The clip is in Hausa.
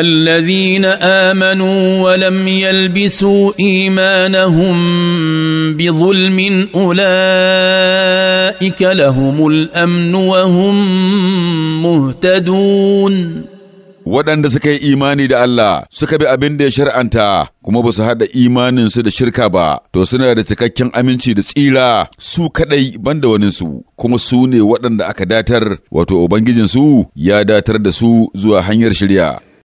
الذين امنوا ولم يلبسوا ايمانهم بظلم اولئك لهم الامن وهم مهتدون waɗanda suka yi imani da Allah suka bi abin da ya shari'anta kuma ba su haɗa imaninsu da shirka ba to suna da cikakken aminci da tsira su kaɗai banda waninsu kuma su ne waɗanda aka datar wato ubangijinsu ya datar da su zuwa hanyar shirya